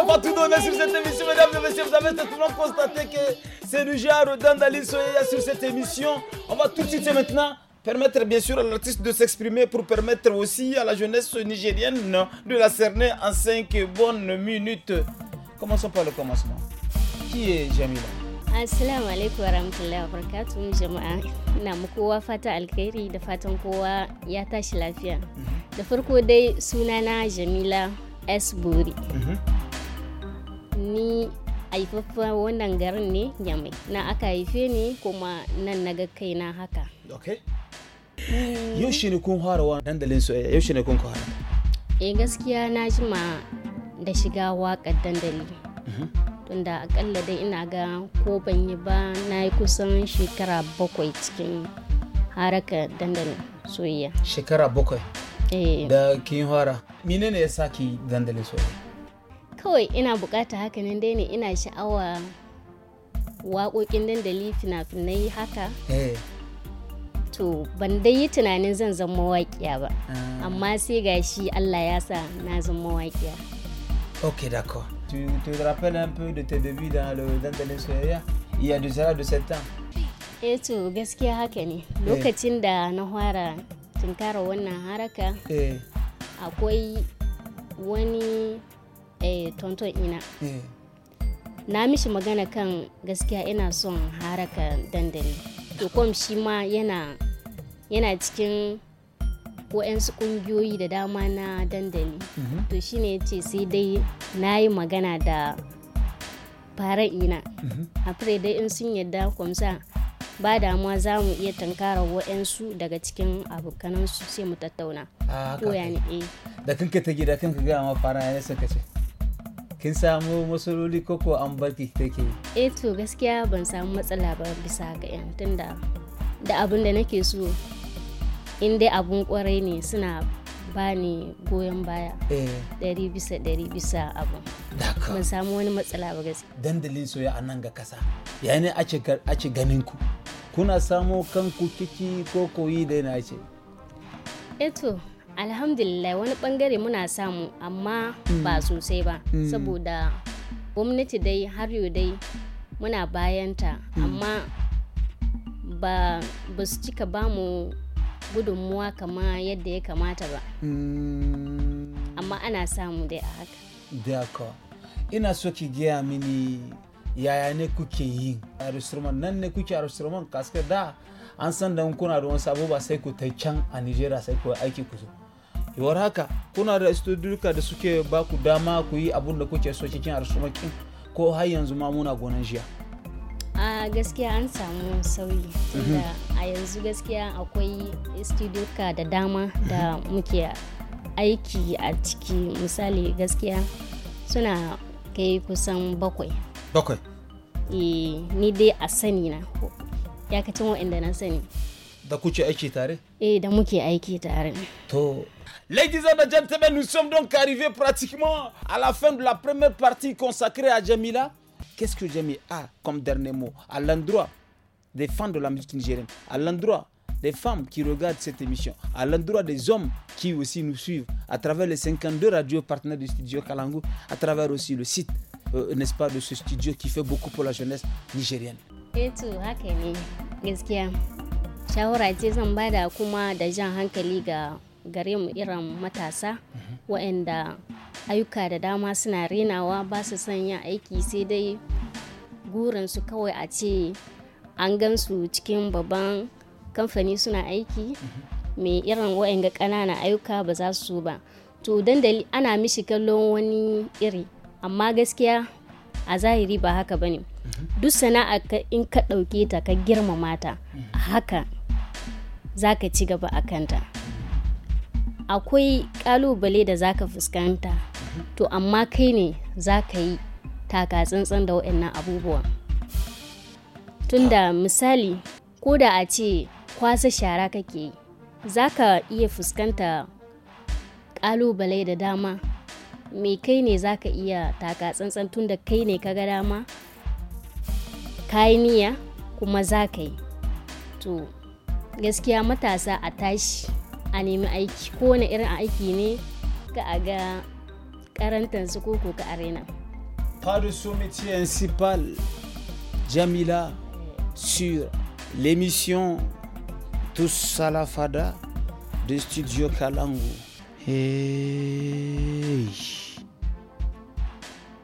on va tout donner sur cette émission, mesdames et messieurs. Vous avez certainement constaté que c'est le genre d'Andali Soyeya sur cette émission. On va tout de suite maintenant permettre bien sûr à l'artiste de s'exprimer pour permettre aussi à la jeunesse nigérienne de la cerner en 5 bonnes minutes. Commençons par le commencement. Qui est Jamila Assalamu alaikum wa rahmatullahi wa ina Je kowa fata alkhairi da fatan kowa ya tashi lafiya mhm. da sunana Jamila S mhm. Ni haifaffen wannan garin ne Yamai. Na aka haife ni kuma nan na ga kaina haka. Hmm. Yau shi ne kun harawa dandalin soyayya yau shi ne kun fara. Eh gaskiya na jima da shiga waƙar dandali. Mhm. Tunda akalla dai ina ga ko ban yi ba na yi kusan shekara bakwai cikin harakar dandalin soyayya. Shekara bakwai? Eh. da kin fara menene ya sa ki dandalin soyayya kawai ina bukata haka nan dai ne ina sha'awa waƙoƙin dandali fina-finai haka eh. to ban dai yi tunanin zan zama mawaƙiya ba ah. amma sai gashi Allah ya sa na zama mawaƙiya ok d'accord tu te rappelles un peu de tes débuts dans le dandalin soyayya il y a déjà de 7 eh to gaskiya haka ne eh. lokacin da na fara tunkara wannan haraka eh. akwai wani eh, tonton ina eh. na mishi magana kan gaskiya ina son haraka dandali tokom shi ma yana yana cikin waɗansu ƙungiyoyi da dama na dandali mhm. to shi ne ce sai dai na yi magana da fara ina mhm. a dai in sun yadda kwamsa ba damuwa za mu iya tunkarar waɗansu daga cikin abokanansu sai mu tattauna ah, ko ya ne eh da kanka ta gida kanka ga ma fara ya saka ce kin samu matsaloli ko ko an barki take eh to gaskiya ban samu matsala ba bisa ga yan tunda da abin da nake so in dai abun kwarai ne suna ba ni goyon baya eh. ɗari bisa ɗari bisa abu ban samu wani matsala ba gaske dandalin soya a nan ga kasa yayin a ci ganin ku kuna samo kanku kiki ko koyi da yana ce eto eh alhamdulillah wani bangare muna samu amma hmm. ba sosai ba hmm. saboda gwamnati dai har yau dai muna bayanta hmm. amma ba su cika ba mu gudunmuwa kama yadda ya kamata ba amma ana samu dai a haka ina so ki gaya mini yaya ne kuke yi a restaurant nan ne kuke a restaurant kaskar da an san da kuna da wani sabo ba sai ku ta can a nigeria sai ku aiki ku zo yawar haka kuna da istuduka da suke ba ku dama ku yi abun da kuke so cikin restaurant ko har yanzu ma muna gonan jiya a gaskiya an samu sauyi mhm. a yanzu gaskiya akwai istuduka da dama da muke aiki a ciki misali gaskiya suna kai kusan bakwai Eh, ni Ladies and gentlemen, nous sommes donc arrivés pratiquement à la fin de la première partie consacrée à Jamila. Qu'est-ce que Jamila a comme dernier mot à l'endroit des fans de la musique nigérienne, à l'endroit des femmes qui regardent cette émission, à l'endroit des hommes qui aussi nous suivent à travers les 52 radios partenaires du studio Kalangu, à travers aussi le site euh, n'est-ce pas, de ce studio qui fait beaucoup pour la jeunesse nigérienne. Eh to haka ne gaskiya shawara ce zan bada kuma da jan hankali ga gare mu irin matasa mhm. waɗanda ayyuka da dama suna renawa ba su son yin aiki sai dai gurinsu kawai a ce an gansu cikin babban kamfani suna aiki mhm. mai irin ga ƙananan ayyuka ba za su ba to dandali ana mishi kallon wani iri amma gaskiya a zahiri ba haka bane duk sana'a in ka ɗauke ta ka girmama ta haka za ka ci gaba a kanta akwai ƙalubale da za ka fuskanta to amma kai ne za ka yi taka tsantsan da waɗannan abubuwa tunda misali ko da a ce kwasa shara kake yi za ka iya fuskanta ƙalubale da dama me kai ne za ka iya taka tsantsan tun da kai ne ka ga dama kayi niya kuma za ka yi to gaskiya matasa a tashi a nemi aiki ko wani irin aiki ne ka a ga karantar ko ko ka arena principal, Jamila, sur l'émission Tous Salafada de Studio Kalangu. Ei.